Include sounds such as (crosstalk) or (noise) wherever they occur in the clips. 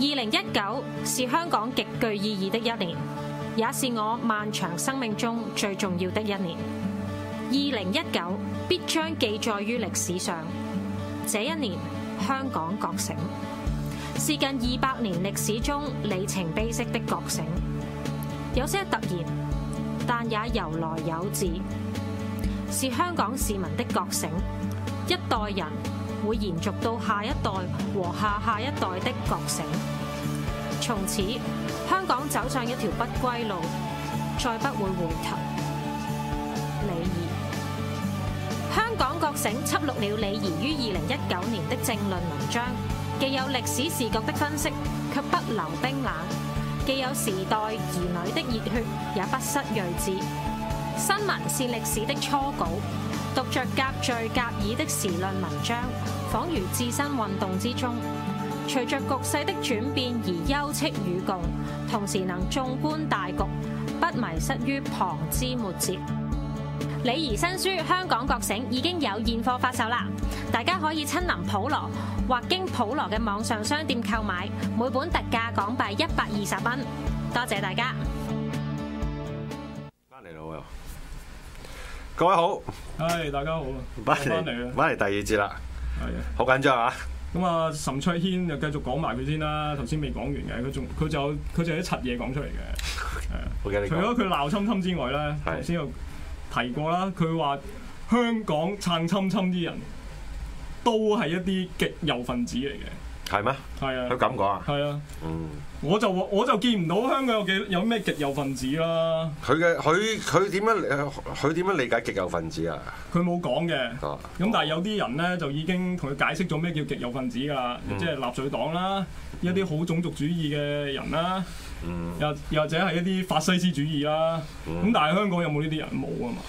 二零一九是香港極具意義的一年，也是我漫長生命中最重要的一年。二零一九必將記載於歷史上。這一年，香港覺醒，是近二百年歷史中里程碑式的覺醒。有些突然，但也由來有自，是香港市民的覺醒，一代人。.會延續到下一代和下下一代的覺醒，從此香港走上一條不歸路，再不會回頭。李怡，香港覺醒輯錄了李怡於二零一九年的政論文章，既有歷史視角的分析，卻不留冰冷；既有時代兒女的熱血，也不失睿智。新聞是歷史的初稿。讀着夾敘夾議的時論文章，仿如置身運動之中，隨着局勢的轉變而休戚與共，同時能縱觀大局，不迷失於旁枝末節。李怡新書《香港覺醒》已經有現貨發售啦，大家可以親臨普羅或經普羅嘅網上商店購買，每本特價港幣一百二十蚊。多謝大家。各位好，唉，大家好，翻嚟啦，翻嚟第二節啦，係啊，好緊張啊，咁 Okay, 啊，岑翠軒就繼續講埋佢先啦，頭先未講完嘅，佢仲佢就佢就一層嘢講出嚟嘅，除咗佢鬧侵侵之外咧，頭先 okay, 又提過啦，佢話 okay. 香港撐侵侵啲人都係一啲極右分子嚟嘅。係咩？佢咁講啊？係啊，嗯，我，我就我就見唔到香港有幾有咩極右分子啦。佢嘅佢佢點樣佢點樣理解極右分子啊？佢冇講嘅，咁、哦、但係有啲人咧就已經同佢解釋咗咩叫極右分子噶，即係納粹黨啦，嗯、一啲好種族主義嘅人啦，又又、嗯、或者係一啲法西斯主義啦。咁、嗯、但係香港有冇呢啲人？冇啊嘛。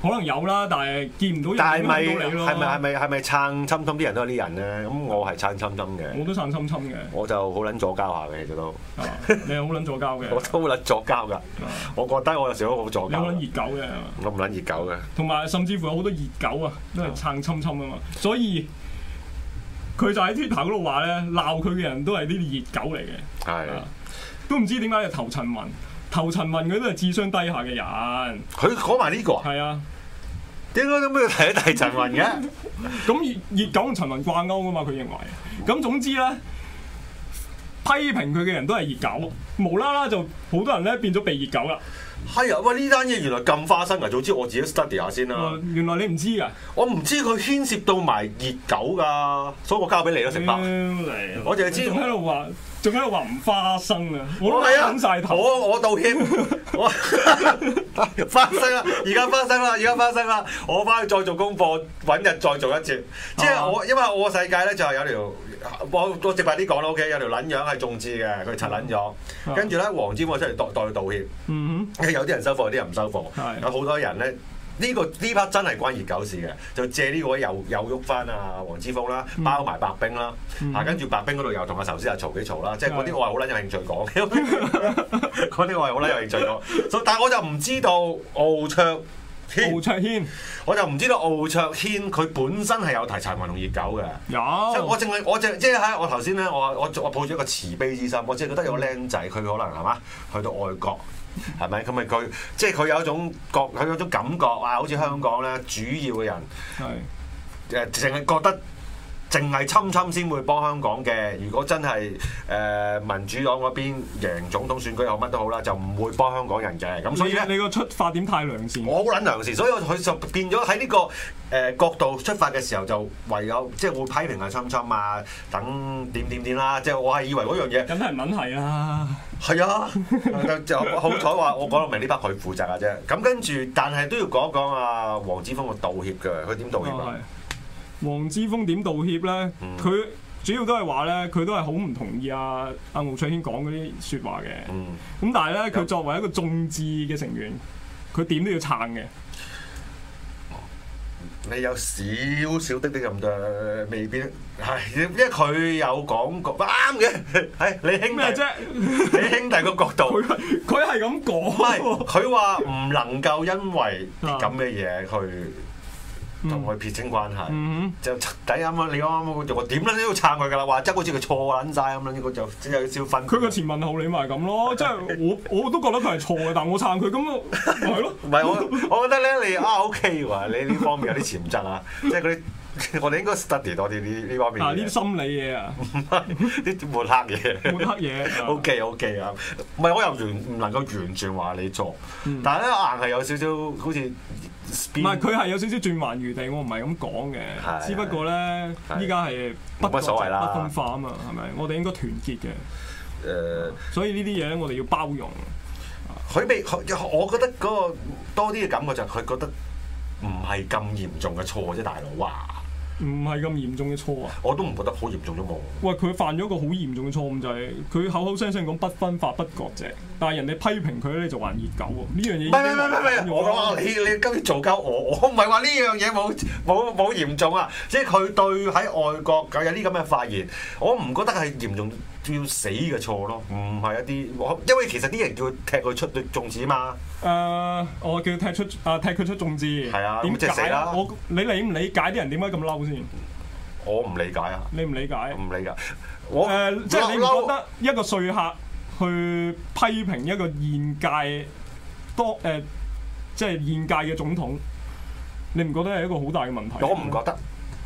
可能有啦，但係見唔到，但係咪係咪係咪係咪撐侵侵啲人都係啲人咧？咁我係撐侵侵嘅。我都撐侵侵嘅。我就好撚左膠下嘅，其實都、啊。你係好撚左膠嘅。我都撚左膠㗎。我覺得我有時都好左膠。有撚熱狗嘅。啊、我唔撚熱狗嘅。同埋甚至乎有好多熱狗啊，都係撐侵侵啊嘛。所以佢就喺 Twitter 嗰度話咧，鬧佢嘅人都係呢啲熱狗嚟嘅。係是的、啊。都唔知點解頭塵雲。頭陳雲佢都係智商低下嘅人講，這個，佢講埋呢個啊大大？係啊，點解咁樣提咗大陳雲嘅？咁熱熱狗同陳雲掛鈎噶嘛？佢認為，咁總之咧，批評佢嘅人都係熱狗，無啦啦就好多人咧變咗被熱狗啦。係啊，喂，呢單嘢原來咁花生啊！早知我自己 study 下先啦，啊。原來你唔知噶？我唔知佢牽涉到埋熱狗噶，所以我交俾你咯，成包。欸，我淨係知喺度話。仲喺度話唔花生啊！我都揾晒頭，我我道歉。我花 (laughs) (laughs) 生啦，而家花生啦，而家花生啦！我翻去再做功課，揾日再做一次。即係我，因為我世界咧就係、是、有條，我我直白啲講啦，O K，有條撚樣係眾志嘅，佢拆撚咗。跟住咧，黃之鋒出嚟代代道歉。有啲人收貨，有啲人唔收貨。有好多人咧。呢、這個呢 part 真係關熱狗事嘅，就借呢個位又又喐翻啊黃之鋒啦，包埋白冰啦，嚇跟住白冰嗰度又同阿壽司又嘈幾嘈啦，嗯、即係嗰啲我係好撚有興趣講，嗰啲、嗯、 (laughs) 我係好撚有興趣講，但係我就唔知道敖卓敖卓軒，卓軒我就唔知道敖卓軒佢本身係有提柴雲同熱狗嘅，有我，我正係我正即係喺我頭先咧，我呢我我抱住一個慈悲之心，我即係覺得有個僆仔佢可能係嘛去到外國。係咪咁咪佢？即係佢有一種覺，佢有種感覺啊！好似香港咧，主要嘅人係誒淨係覺得。淨係侵侵先會幫香港嘅，如果真係誒、呃、民主黨嗰邊贏總統選舉，有乜都好啦，就唔會幫香港人嘅。咁所以咧，你個出發點太良善，我好撚良善，所以佢就變咗喺呢個誒角、呃、度出發嘅時候，就唯有即係會批評下侵侵啊，等點點點啦。即係我係以為嗰樣嘢咁係問題啊，係啊，就 (laughs) (laughs) 好彩話我講到明呢筆佢負責嘅啫。咁跟住，但係都要講一講啊，黃之鋒嘅道歉嘅，佢點道歉啊？哦。黃之鋒點道歉咧？佢、嗯、主要都係話咧，佢都係好唔同意阿阿毛卓軒講嗰啲説話嘅。咁、嗯、但係咧，佢、嗯、作為一個眾志嘅成員，佢點都要撐嘅。你有少少滴滴咁嘅未必。係因為佢有講過啱嘅。係你兄弟啫，你兄弟個角度，佢佢係咁講。佢話唔能夠因為啲咁嘅嘢去嗯嗯同佢撇清關係，嗯、哼就抵啱啊！你啱啱做個點撚都要撐佢㗎啦，話即係好似佢錯撚晒咁樣，呢個 (laughs) 就即係要消分。佢個前文後理你咪咁咯，即係我我都覺得佢係錯嘅，但係我撐佢咁咪係咯。唔係 (laughs) 我，我覺得咧你啊 OK 喎，你呢、啊 okay，方面有啲潛質啊， (laughs) 即係嗰啲。我哋應該 study 多啲呢呢方面。呢啲心理嘢啊，啲抹黑嘢。抹黑嘢。O K O K 啊，唔係我又完唔能夠完全話你錯，但係咧硬係有少少好似唔係佢係有少少轉環餘地，我唔係咁講嘅。只不過咧，依家係不冇乜所謂啦，分化啊嘛，係咪？我哋應該團結嘅。誒，所以呢啲嘢我哋要包容。佢未，我覺得嗰個多啲嘅感覺就係佢覺得唔係咁嚴重嘅錯啫，大佬。哇！唔係咁嚴重嘅錯啊！我都唔覺得好嚴重啫，冇，喂，佢犯咗一個好嚴重嘅錯誤就係、是、佢口口聲聲講不分化不割席，但係人哋批評佢咧就話熱狗喎，呢樣嘢、啊。唔係唔係唔係，我講你你今次做鳩我，我唔係話呢樣嘢冇冇冇嚴重啊，即係佢對喺外國有啲咁嘅發言，我唔覺得係嚴重。要死嘅錯咯，唔係一啲，因為其實啲人叫佢踢佢出啲眾志嘛。誒、呃，我叫踢出，誒踢佢出眾志。係啊，點解？啊、我你理唔理解啲人點解咁嬲先？我唔理解啊。你唔理解？唔理解。我誒、呃，即係你唔覺得一個說客去批評一個現屆多誒、呃，即係現屆嘅總統，你唔覺得係一個好大嘅問題？我唔覺得。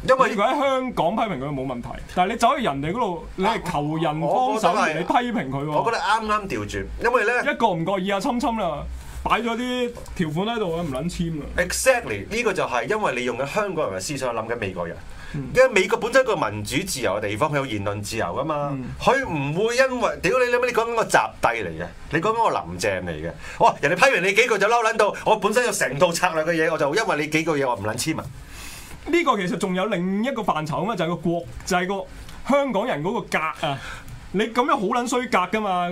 因為如果喺香港批評佢冇問題，但係你走去人哋嗰度，你求人幫手，你批評佢，我覺得啱啱調轉。因為咧一個唔覺意啊，侵侵啦，擺咗啲條款喺度，唔捻簽啦。Exactly 呢個就係因為你用緊香港人嘅思想去諗緊美國人，嗯、因為美國本身一個民主自由嘅地方，佢有言論自由㗎嘛，佢唔、嗯、會因為屌你諗你講緊個習帝嚟嘅，你講緊個林鄭嚟嘅，哇！人哋批評你幾句就嬲捻到，我本身有成套策略嘅嘢，我就因為你幾句嘢我唔捻簽啊。呢個其實仲有另一個範疇啊嘛，就係、是、個國，就係、是、個香港人嗰個格啊！你咁樣好撚衰格噶嘛，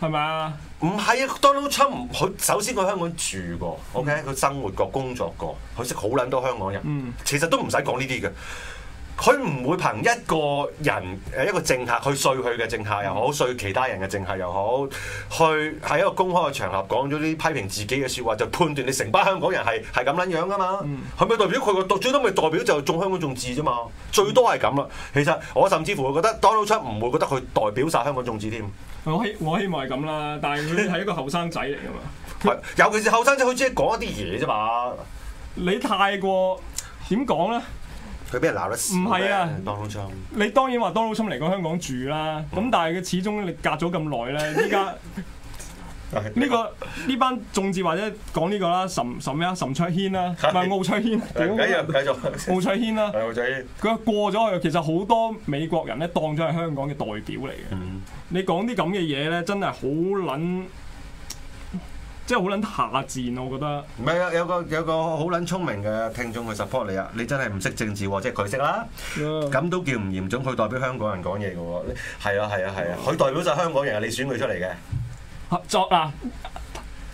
係咪啊？唔係啊，Donald Trump 佢首先佢香港住過，OK，佢、嗯、生活過、工作過，佢識好撚多香港人，嗯、其實都唔使講呢啲嘅。佢唔會憑一個人誒一個政客去碎佢嘅政客又好碎其他人嘅政客又好，去喺一個公開嘅場合講咗啲批評自己嘅説話，就判斷你成班香港人係係咁撚樣噶嘛？佢咪、嗯、代表佢個最都咪代表就眾香港眾志啫嘛？最多係咁啦。其實我甚至乎覺得 Donald Trump 唔會覺得佢代表晒香港眾志添。我希我希望係咁啦，但係佢係一個後生仔嚟㗎嘛，係 (laughs) 尤其是後生仔，佢只係講一啲嘢啫嘛。你太過點講咧？佢俾人鬧得唔係啊 d o n 你當然話多老 n 嚟個香港住啦，咁但係佢始終你隔咗咁耐咧，依家呢個呢班眾志或者講呢個啦，岑岑咩啊？岑卓軒啦，唔係敖卓軒。繼續敖卓軒啦。佢過咗去，其實好多美國人咧當咗係香港嘅代表嚟嘅。你講啲咁嘅嘢咧，真係好撚～即係好撚下賤咯，我覺得。唔係啊！有個有個好撚聰明嘅聽眾去 support 你啊！你真係唔識政治喎，即係佢識啦。咁都 Yeah. 叫唔嚴重，佢代表香港人講嘢嘅喎。係啊，係啊，係啊，佢、啊、代表就係香港人，啊！你選佢出嚟嘅。合作嗱，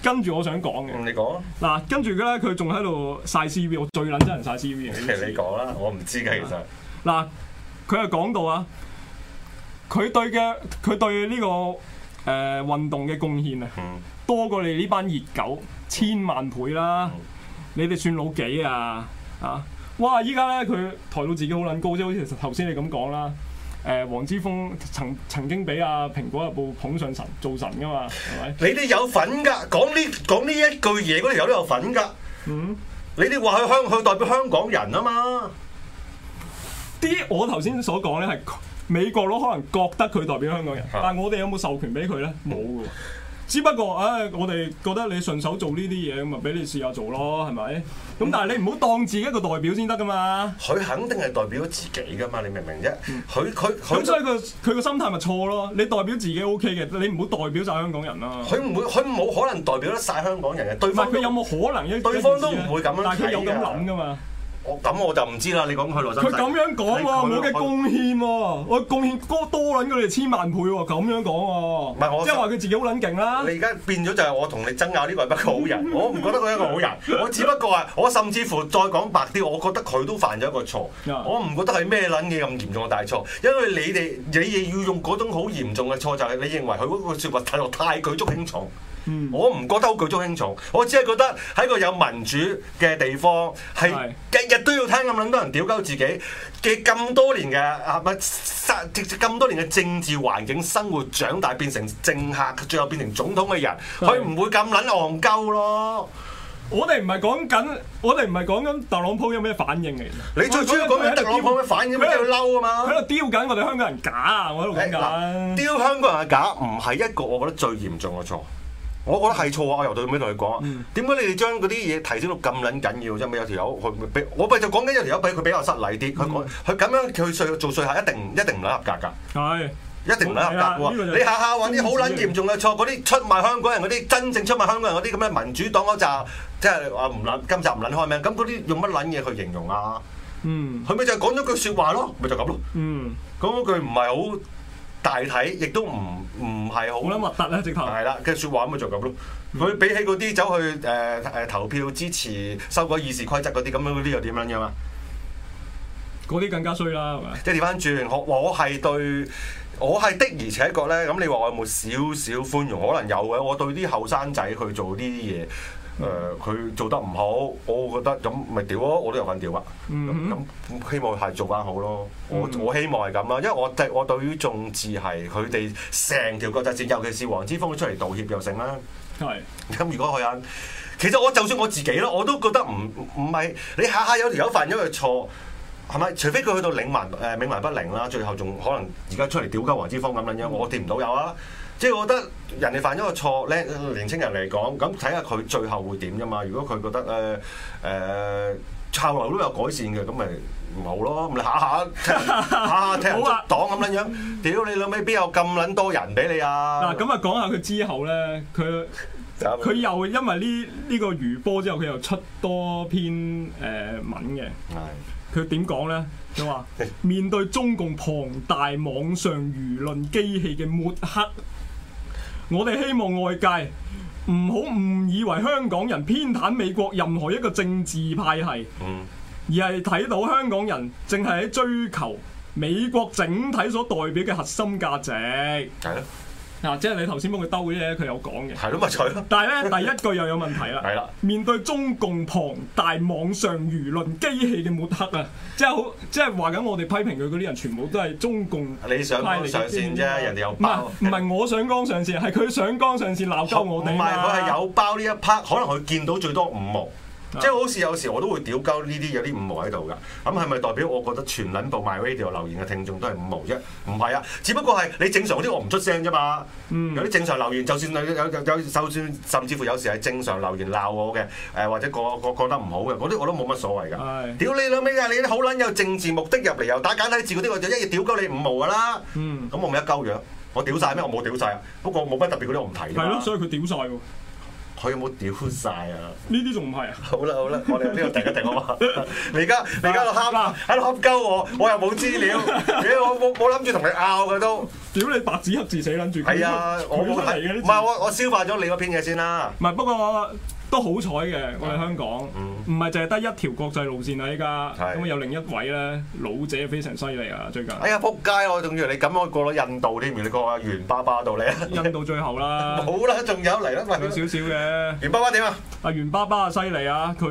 跟住我想講嘅。你講嗱，跟住咧，佢仲喺度晒 C V，我最撚憎人曬 C V。你講啦，我唔知嘅其實。嗱，佢係講到啊，佢、啊、對嘅佢對呢、呢個誒、呃、運動嘅貢獻啊。嗯多過你呢班熱狗千萬倍啦！嗯、你哋算老幾啊？啊！哇！依家咧佢抬到自己好撚高啫，好似頭先你咁講啦。誒、呃，黃之鋒曾曾經俾阿蘋果日報捧上神做神噶嘛？係咪？你哋有份噶？講呢講呢一句嘢嗰陣時都有份噶。嗯，你哋話去香港佢代表香港人啊嘛？啲我頭先所講咧係美國佬可能覺得佢代表香港人，但我哋有冇授權俾佢咧？冇噶。只不過，誒、哎，我哋覺得你順手做呢啲嘢，咁咪俾你試下做咯，係咪？咁但係你唔好當自己一個代表先得噶嘛。佢、嗯、肯定係代表自己噶嘛，你明唔明啫？佢佢佢所以佢佢個心態咪錯咯？你代表自己 OK 嘅，你唔好代表晒香港人啦。佢唔會，佢冇可能代表得晒香港人嘅。對方有冇可能？對方都唔會咁樣睇嘅。但係佢有咁諗噶嘛？啊。我咁我就唔知啦，你講佢羅生。佢咁樣講喎、啊，我嘅貢獻喎、啊，我貢獻哥多撚佢哋千萬倍喎、啊，咁樣講喎、啊。唔係我，即係話佢自己好撚勁啦。你而家變咗就係我同你爭拗呢個係不個好人， (laughs) 我唔覺得佢係一個好人。我只不過係，我甚至乎再講白啲，我覺得佢都犯咗一個錯。 (laughs) 我唔覺得係咩撚嘢咁嚴重嘅大錯，因為你哋你哋要用嗰種好嚴重嘅錯，就係、是、你認為佢嗰個説話睇落太舉足輕重。我唔覺得好舉足輕重，我只係覺得喺個有民主嘅地方，係日日都要聽咁撚多人屌鳩自己嘅咁多年嘅啊乜咁多年嘅政治環境生活長大變成政客，最後變成總統嘅人，佢唔會咁撚戇鳩咯。我哋唔係講緊，我哋唔係講緊特朗普有咩反應嚟。你最主要講緊特朗普嘅反應即係嬲啊嘛？佢喺度屌緊我哋香港人假啊！我喺度講緊屌、嗯、香港人嘅假，唔係一個我覺得最嚴重嘅錯。我覺得係錯啊！我由最尾同佢講啊，點解、嗯、你哋將嗰啲嘢提升到咁撚緊要？即係咪有條友佢俾我咪就講緊有條友俾佢比較失禮啲？佢講佢咁樣去做稅客，一定的一定唔撚合格㗎。係一定唔撚合格喎！你下下話啲好撚嚴重嘅錯，嗰啲出賣香港人嗰啲真正出賣香港人嗰啲咁嘅民主黨嗰集，即係話唔撚今集唔撚開名。咁嗰啲用乜撚嘢去形容啊？嗯，佢咪就講咗句說話咯，咪、嗯、就咁咯。嗯，嗰句唔係好。大體亦都唔唔係好，好撚核突啦！直頭係啦，跟住説話咁咪就咁咯。佢比起嗰啲走去誒誒、呃、投票支持修改議事規則嗰啲，咁樣嗰啲又點樣樣啊？嗰啲更加衰啦，係咪？ (music) 即係調翻轉，我我係對，我係的而且確咧。咁你話我有冇少少寬容？可能有嘅。我對啲後生仔去做呢啲嘢。誒佢、呃、做得唔好，我覺得咁咪屌咯，我都有份屌啊。咁、嗯、哼希望係做翻好咯。嗯、我我希望係咁啦，因為我對我對於眾志係佢哋成條國際線，尤其是黃之鋒出嚟道歉又成啦、啊。係咁是、嗯，如果佢啊，其實我就算我自己啦，我都覺得唔唔係你下下有條友犯咗個錯，係咪？除非佢去到冥埋誒冥埋不靈啦，最後仲可能而家出嚟屌鳩黃之鋒咁樣樣，嗯、我跌唔到有啊。即係我覺得人哋犯咗個錯咧，年青人嚟講，咁睇下佢最後會點啫嘛。如果佢覺得誒誒後流都有改善嘅，咁咪唔好咯，咪下下下下聽唔到黨咁撚樣。啊、屌你老尾，邊有咁撚多人俾你啊！嗱，咁啊講下佢之後咧，佢佢又因為呢呢、呢個餘波之後，佢又出多篇誒、呃、文嘅。係的。佢點講咧？佢話面對中共龐大網上輿論機器嘅抹黑。 (laughs) 我哋希望外界唔好誤以為香港人偏袒美國任何一個政治派系，而係睇到香港人淨係喺追求美國整體所代表嘅核心價值。 (laughs) 嗱、啊，即係你頭先幫佢兜嗰啲嘢，佢有講嘅。係咯，咪取咯。但係咧，第一句又有問題 (laughs) 對啦。係啦。面對中共龐大網上輿論機器嘅抹黑啊， (laughs) 即係好，即係話緊我哋批評佢嗰啲人，全部都係中共。你上綱上線啫，人哋有包。唔係，唔係，我上綱上線，係佢上綱上線鬧鳩我哋、啊。唔係，佢係有包呢一 part，可能佢見到最多五毛。即係好似有時我都會屌鳩呢啲有啲五毛喺度㗎，咁係咪代表我覺得全撚部 MyRadio 留言嘅聽眾都係五毛啫？唔係啊，只不過係你正常嗰啲我唔出聲啫嘛。嗯、有啲正常留言，就算有有就算甚至乎有時係正常留言鬧我嘅，誒、呃、或者覺覺得唔好嘅，嗰啲我都冇乜所謂㗎。係、屌你老味啊！你啲好撚有政治目的入嚟又打簡體字嗰啲，我就、那個、一嘢屌鳩你五毛㗎啦。嗯，咁我咪一鳩樣，我屌晒咩？我冇屌晒啊！不過冇乜特別嗰啲我唔睇。係咯，所以佢屌晒喎。佢有冇屌晒啊？呢啲仲唔係啊？好啦好啦， (laughs) 我哋喺呢度停一停好嘛？ (laughs) 你而家你而家度喊啊，喺度喊鳩我，我又冇資料，而 (laughs) 我冇冇諗住同你拗嘅都，屌你白紙黑字死撚住。係啊，我唔係嘅，唔係是我我消化咗你嗰篇嘢先啦。唔係不，不過我。都好彩嘅，我哋香港唔係淨係得一條國際路線啊！依家咁有另一位咧老者非常犀利啊！最近哎呀，仆街我仲以為你咁我過咗印度添，完你過阿袁爸爸度咧，印度最後啦，好啦，仲有嚟啦，快少少嘅袁爸爸點啊？阿袁爸爸啊，犀利啊！佢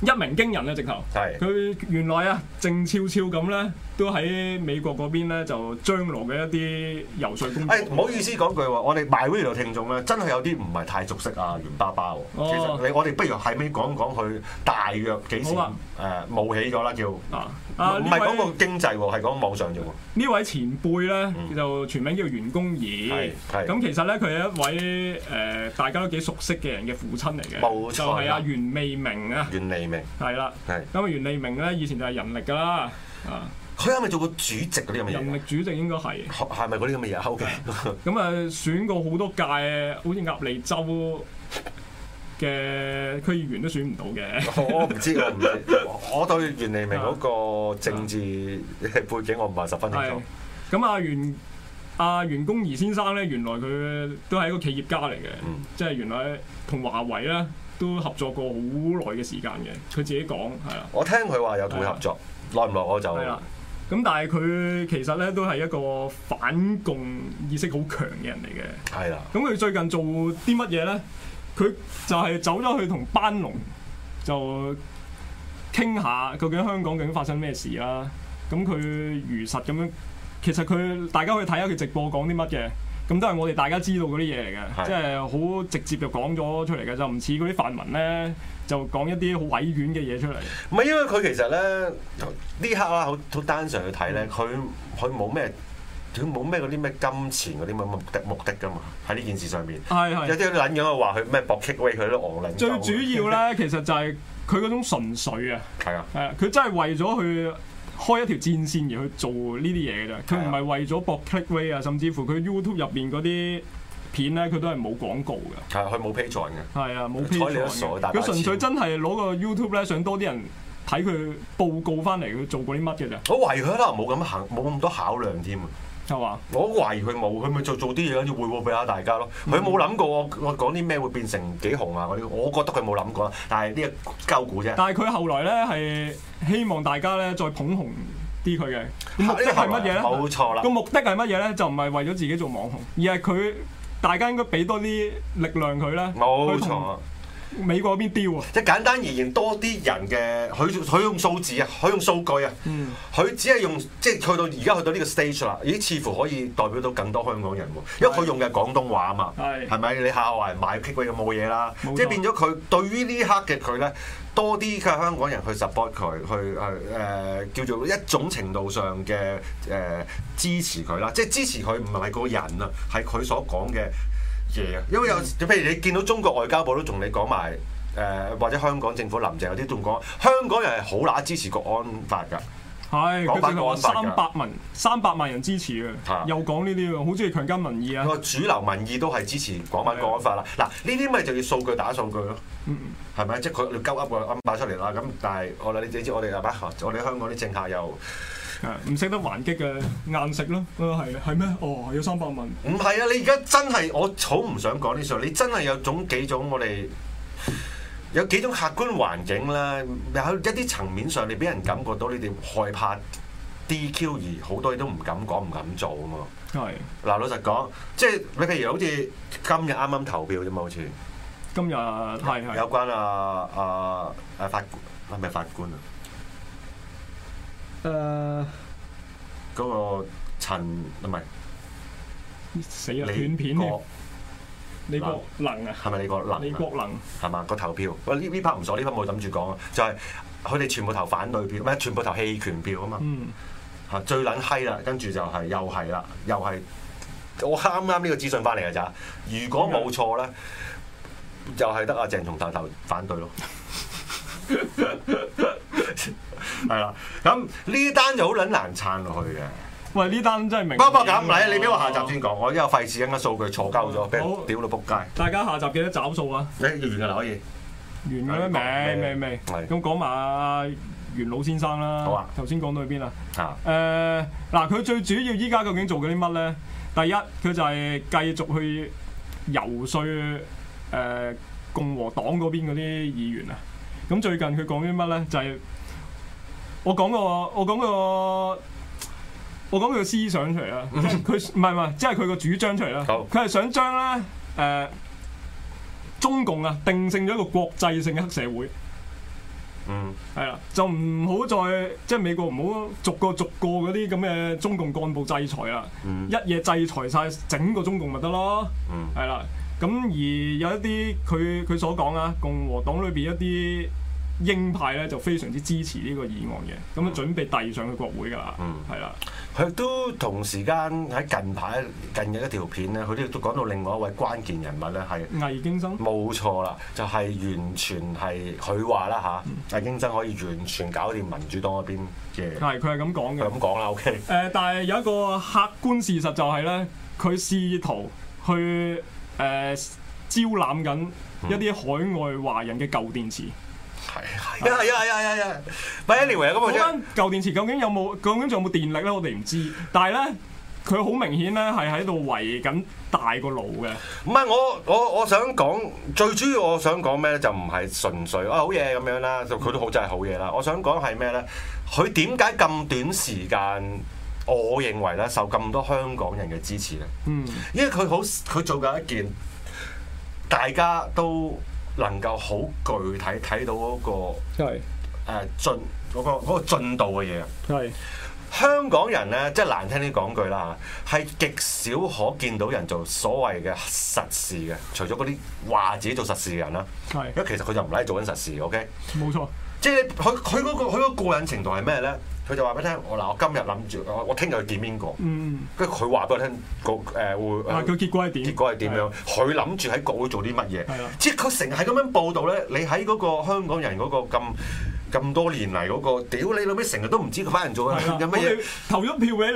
一鳴驚人啊，直頭是，佢原來啊靜悄悄咁咧。都喺美國嗰邊咧，就張羅嘅一啲游說工作。唔好意思講句喎，我哋 MyRadio 聽眾咧，真係有啲唔係太熟悉啊。袁爸爸喎。哦、其實你我哋不如喺尾講一講佢大約幾時誒冒起咗啦、啊啊、叫。啊。唔係講個經濟喎，係講網上嘅。呢位前輩咧就全名叫袁弓夷。係、嗯。咁其實咧佢係一位誒大家都幾熟悉嘅人嘅父親嚟嘅，冇錯、啊、就係啊，啊，袁彌明啊。袁彌明。係啦。係。咁袁彌明咧以前就係人力噶啦。啊、嗯。佢係咪做過主席嗰啲咁嘅？人力主席應該係吧，係咪嗰啲咁嘅嘢？O K，咁啊 (laughs) 選過好多屆嘅，好似鴨脷洲嘅區議員都選唔到嘅。我唔知，我唔，我對袁彌明嗰個政治背景我唔係十分清楚吧。咁啊，袁啊袁弓夷先生咧，原來佢都係一個企業家嚟嘅，即係原來同華為咧都合作過好耐嘅時間嘅。佢自己講係啊，我聽佢話有同佢合作，耐唔耐我就。咁但係佢其實咧都係一個反共意識好強嘅人嚟嘅，係啦。咁 (noise) 佢樂最近做啲乜嘢咧？佢就係走咗去同班農就傾下究竟香港究竟發生咩事啦。咁佢如實咁樣，其實佢大家去睇下佢直播講啲乜嘅。咁都係我哋大家知道嗰啲嘢嚟嘅，是的 即係好直接就講咗出嚟嘅，就唔似嗰啲泛民咧，就講一啲好委婉嘅嘢出嚟。唔係因為佢其實咧，呢刻啊好好單純去睇咧，佢佢冇咩，佢冇咩嗰啲咩金錢嗰啲咁目的目的㗎嘛，喺呢件事上面。係係是的。有啲卵樣話佢咩搏出位，佢都戇鳩。最主要咧，其實就係佢嗰種純粹啊。係啊是的。係啊，佢真係為咗去開一條戰線而去做呢啲嘢嘅啫，佢唔係為咗博 click rate 啊，甚至乎佢 YouTube 入邊嗰啲片咧，佢都係冇廣告嘅。係，佢冇 Patreon 嘅。係啊，冇 Patreon。睬你傻，大家。佢純粹真係攞個 YouTube 咧，想多啲人睇佢報告翻嚟，佢做過啲乜嘅咋？我懷疑佢可能冇咁行，冇咁多考量添。係嘛？我懷疑佢冇，佢咪做做啲嘢諗住匯報下大家咯。佢冇諗過我講啲咩會變成幾紅啊啲。我覺得佢冇諗過，但係呢個交股啫。但係佢後來咧係希望大家咧再捧紅啲佢，嘅目的係乜嘢咧？冇、啊、錯啦。個目的係乜嘢咧？就唔係為咗自己做網紅，而係佢大家應該俾多啲力量佢啦。冇錯。美國嗰邊標啊！即 (noise) 係簡單而言，多啲人嘅佢佢用數字啊，佢用數據啊，佢只係用即係去到而家去到呢個 stage 啦。咦？似乎可以代表到更多香港人喎，因為佢用嘅廣東話啊嘛，係咪、欸、你下下話人買 kit 咁冇嘢啦？通即係變咗佢對於一刻呢刻嘅佢咧，多啲嘅香港人去 support 佢，去去誒叫做一種程度上嘅誒、呃、支持佢啦。即係支持佢唔係個人啊，係佢所講嘅。嘢啊！Yeah, 因為有，譬、嗯、如你見到中國外交部都同你講埋，誒、呃、或者香港政府林鄭有啲仲講，香港人係好乸支持國安法㗎。係是，講緊三百萬三百萬人支持啊！又講呢啲喎，好中意強姦民意啊！個主流民意都係支持港版國安法啦。嗱、啊，呢啲咪就要數據打數據咯。嗯、啊，係咪？即係佢鳩噏個安埋出嚟啦。咁但係我啦，你自己知我哋係咪？我哋香港啲政客又。唔識得還擊嘅硬食咯，啊係，係咩？哦，有三百萬？唔係啊！你而家真係我好唔想講呢啲，你真係有種幾種我哋有幾種客觀環境啦，喺一啲層面上你俾人感覺到你哋害怕 DQ 而好多嘢都唔敢講唔敢做啊嘛！係嗱是，老實講，即係你譬如好似今日啱啱投票啫嘛，嗯，好似今日係有，有關啊啊啊法係咪、啊、法官啊？誒，嗰，uh, 個陳唔係，死啊了的斷片嘅李，李國能啊，係咪李國能，啊、國能？李國能係嘛個投票？喂，呢呢 part 唔錯，呢 part 冇諗住講啊，就係佢哋全部投反對票，咩？全部投棄權票啊嘛。嗯，最撚閪啦，跟住就係又係啦，又係我啱啱呢個資訊翻嚟嘅咋！如果冇錯咧，又係得阿鄭松頭頭反對咯。 (laughs) (laughs) 係啦，咁呢單就好撚難撐落去嘅。喂，呢單真係明白？不過咁，唔係你俾我下集先講，我因為費事啲咁數據坐鳩咗，俾人屌到仆街。大家下集記得找數啊？誒，完㗎啦，可以。完啦，明明咁講埋阿袁老先生啦。好啊。頭先講到去邊啊？啊。誒，嗱，佢最主要依家究竟做緊啲乜咧？第一，佢就係繼續去游說誒共和黨嗰邊嗰啲議員啊。咁最近佢講啲乜咧？就係。我講個，我講個，我講佢個思想出嚟啦，佢唔係唔係，即係佢個主張出嚟啦。佢係想將咧誒中共啊定性咗一個國際性嘅黑社會。嗯， (music) 係啦，就唔好再即係美國唔好逐個逐個嗰啲咁嘅中共幹部制裁啦， (music) 一嘢制裁晒整個中共咪得咯。嗯， (music) 係啦，咁而有一啲佢佢所講啊，共和黨裏邊一啲鷹派咧就非常之支持呢個議案嘅，咁啊、嗯、準備遞上去國會噶啦，係啦、嗯。佢都的同時間喺近排近日一條片咧，佢都都講到另外一位關鍵人物咧係魏京生，冇錯啦，就係、是、完全係佢話啦吓，魏京、啊嗯、生可以完全搞掂民主黨嗰邊嘅係佢係咁講嘅咁講啦。O K，誒，但係有一個客觀事實就係、是、咧，佢試圖去誒、呃、招攬緊一啲海外華人嘅舊電池。係，係，係，係，係，係，anyway 咁啊！咁樣舊電池究竟有冇？究竟仲有冇電力咧？我哋唔知。但係咧，佢好明顯咧，係喺度圍緊大個腦嘅。唔係、嗯、我，我我想講最主要我順順、啊，我想講咩咧？就唔係純粹啊，好嘢咁樣啦，就佢都好真係好嘢啦。我想講係咩咧？佢點解咁短時間，我認為咧受咁多香港人嘅支持咧？嗯，因為佢好佢做緊一件大家都。能夠好具體睇到嗰、那個係誒是、呃、進嗰、那個嗰、那個、進度嘅嘢啊！係是香港人咧，即係難聽啲講句啦嚇，係極少可見到人做所謂嘅實事嘅，除咗嗰啲話自己做實事嘅人啦。係是因為其實佢就唔係做緊實事 OK，冇沒錯即，即係佢佢嗰個佢個過癮程度係咩咧？佢就話俾你聽，我嗱我今日諗住，我、嗯、我聽日去見邊個，跟住佢話俾我聽，個誒會，啊、結果係點？結果係點樣？佢諗住喺國會做啲乜嘢？的即係佢成日係咁樣報導咧，你喺嗰個香港人嗰個咁。咁多年嚟嗰個，屌你老味成日都唔知佢班人做緊乜嘢。啊、 (laughs) 有乜嘢？我哋投咗票俾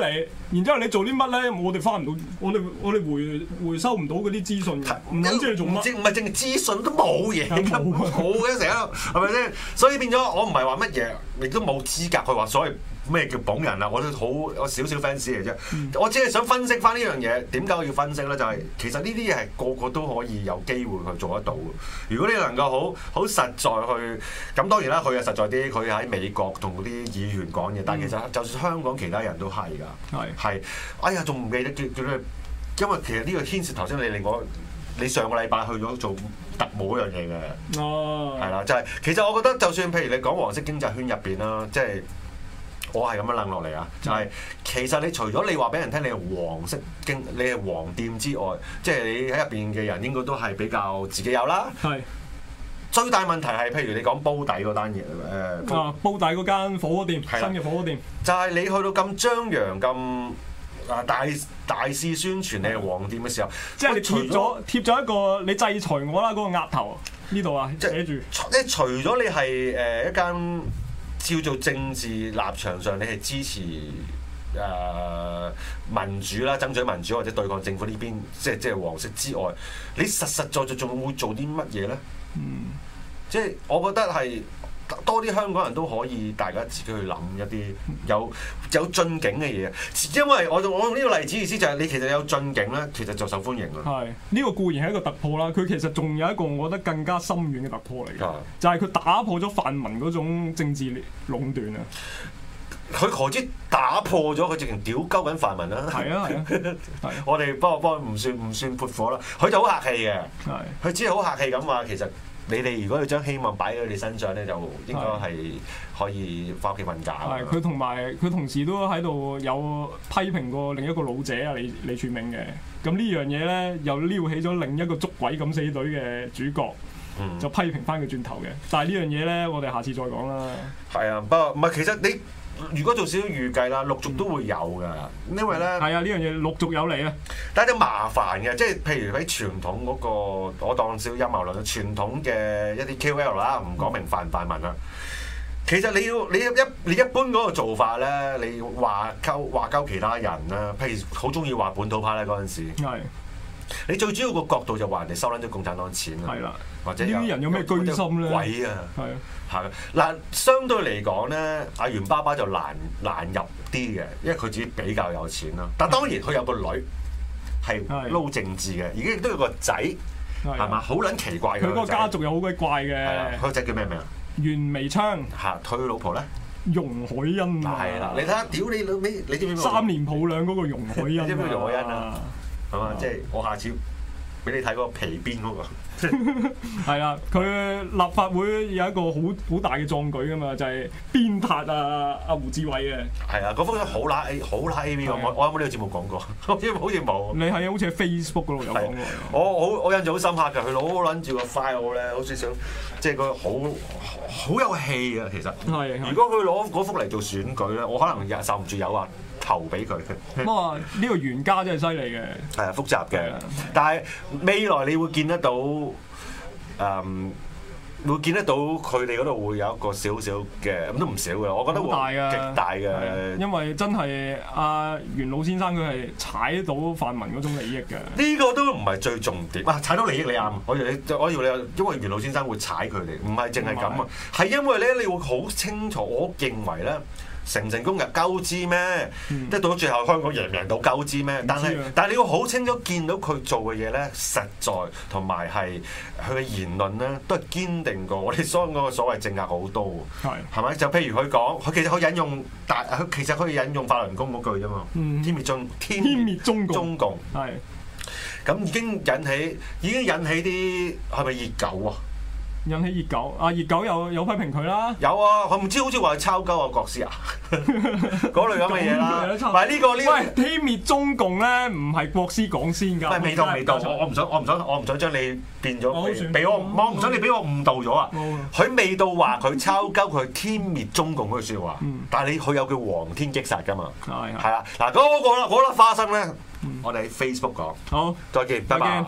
你，然之後你做啲乜咧？我哋翻唔到，我哋我哋回收唔到嗰啲資訊，唔它知你做乜？唔知唔係淨係資訊都冇嘢，冇嘅成日，係咪先？所以變咗我唔係話乜嘢，亦都冇資格去話所以。咩叫捧人啊？我都好我少少 fans 嚟啫，我，小小、嗯、我只係想分析翻呢樣嘢，點解我要分析咧？就係、是、其實呢啲嘢係個個都可以有機會去做得到嘅。如果你能夠好好實在去，咁當然啦，佢啊實在啲，佢喺美國同啲議員講嘢，嗯、但係其實就算香港其他人都係㗎，係是哎呀，仲唔記得叫叫咩？因為其實呢個牽涉頭先你令我，你上個禮拜去咗做特務嗰樣嘢嘅。哦，係啦，就係、是、其實我覺得就算譬如你講黃色經濟圈入邊啦，即、就、係、是。我係咁樣諗落嚟啊，就係、是、其實你除咗你話俾人聽你係黃色經，你係黃店之外，即、就、係、是、你喺入邊嘅人應該都係比較自己有啦。係是最大問題係，譬如你講煲底嗰單嘢誒，煲，煲底嗰間火鍋店，的新嘅火鍋店，就係你去到咁張揚咁啊大大，大肆宣傳你係黃店嘅時候，即係你除咗貼咗一個你制裁我啦嗰、那個額頭呢度啊，即寫住即除咗你係誒、呃、一間。照做政治立場上，你係支持誒、呃、民主啦，爭取民主或者對抗政府呢邊，即係即係黃色之外，你實實在在仲會做啲乜嘢呢？嗯、即係我覺得係。多啲香港人都可以，大家自己去諗一啲有有進境嘅嘢，因為我我用呢個例子意思就係、是、你其實有進境咧，其實就受歡迎嘅。係呢、呢個固然係一個突破啦，佢其實仲有一個我覺得更加深遠嘅突破嚟㗎，就係、是、佢打破咗泛民嗰種政治壟斷啊！佢何止打破咗，佢直情屌鳩緊泛民啦！係啊係啊，啊 (laughs) 我哋不過我幫佢唔算唔算潑火啦，佢就好客氣嘅，佢是只係好客氣咁話其實。你哋如果要將希望擺喺你身上咧，就應該係可以返屋企瞓覺。係，佢同埋佢同時都喺度有批評過另一個老者啊，李李柱銘嘅。咁呢樣嘢咧又撩起咗另一個捉鬼敢死隊嘅主角，就批評翻佢轉頭嘅。但係呢樣嘢咧，我哋下次再講啦。係啊，不過唔係其實你。如果做少少預計啦，陸續都會有噶，因為咧，係、嗯、啊，呢樣嘢陸續有嚟啊。但係都麻煩嘅，即係譬如喺傳統嗰、那個，我當少少陰謀論啦，傳統嘅一啲 KOL 啦，唔講明泛唔泛民啦。嗯、其實你要你一你一般嗰個做法咧，你話溝話溝其他人啦，譬如好中意話本土派咧嗰陣時，你最主要個角度就話人哋收撚咗共產黨錢啦，或者呢啲人有咩居心咧？鬼啊！係啊，係啦。嗱，相對嚟講咧，阿袁爸爸就難難入啲嘅，因為佢自己比較有錢啦。但係當然佢有個女係撈政治嘅，而家亦都有個仔係嘛，好撚奇怪。佢個家族又好鬼怪嘅。係啊，佢個仔叫咩名啊？袁眉昌。嚇！佢老婆咧？容海恩。係啦，你睇下，屌你老味，你知唔知？三年抱兩嗰個容海恩，你知唔知容海恩啊？係嘛？啊、即係我下次俾你睇嗰個皮鞭嗰個 (laughs) 。係 (laughs) (laughs) 啊，佢立法會有一個好好大嘅壯舉㗎嘛，就係、係、鞭撻啊！阿、啊、胡志偉啊，係啊，嗰幅相好拉，好拉閪㗎！我我有冇呢個節目講過，因 (laughs) 為好似冇。你係好似喺 Facebook 嗰度講過。啊、我我我印象好深刻㗎，佢攞攬住個 file 咧，好似想即係佢好好有氣啊！其實，啊啊、如果佢攞嗰幅嚟做選舉咧，我可能受唔住誘惑。投俾佢、嗯，咁啊呢個袁家真係犀利嘅，係複雜嘅。的但係未來你會見得到，誒、嗯、會見得到佢哋嗰度會有一個小小少少嘅，咁都唔少嘅。我覺得好大啊，極大嘅。因為真係阿袁老先生佢係踩到泛民嗰種利益嘅。呢個都唔係最重點，哇、啊！踩到利益你啱，我以為我以為你因為袁老先生會踩佢哋，唔係淨係咁啊，係因為咧，你會好清楚，我認為咧。成唔成功嘅救資咩？即係、嗯、到最後，香港贏唔贏到救資咩？嗯、但係是，啊、但係你要好清楚見到佢做嘅嘢咧，實在同埋係佢嘅言論咧，都係堅定過我哋所講嘅所謂政客好多。係係咪？就譬如佢講，佢其實可以引用，但佢其實可以引用法輪功嗰句啫嘛。嗯、天滅中，天滅中共。中共係咁是已經引起，已經引起啲係咪熱狗啊？引起熱狗啊！熱狗又有批評佢啦，有啊！佢唔知好似話抄鳩啊，國師啊，嗰類咁嘅嘢啦。唔係呢個呢，天滅中共咧，唔係國師講先㗎。係未到未到，我我唔想我唔想我唔想將你變咗俾我，我唔想你俾我誤導咗啊！佢未到話佢抄鳩佢天滅中共嗰句説話，但係你佢有叫皇天擊殺㗎嘛？係係嗱嗰個啦嗰粒花生咧，我哋喺 Facebook 講。好，再見，拜拜。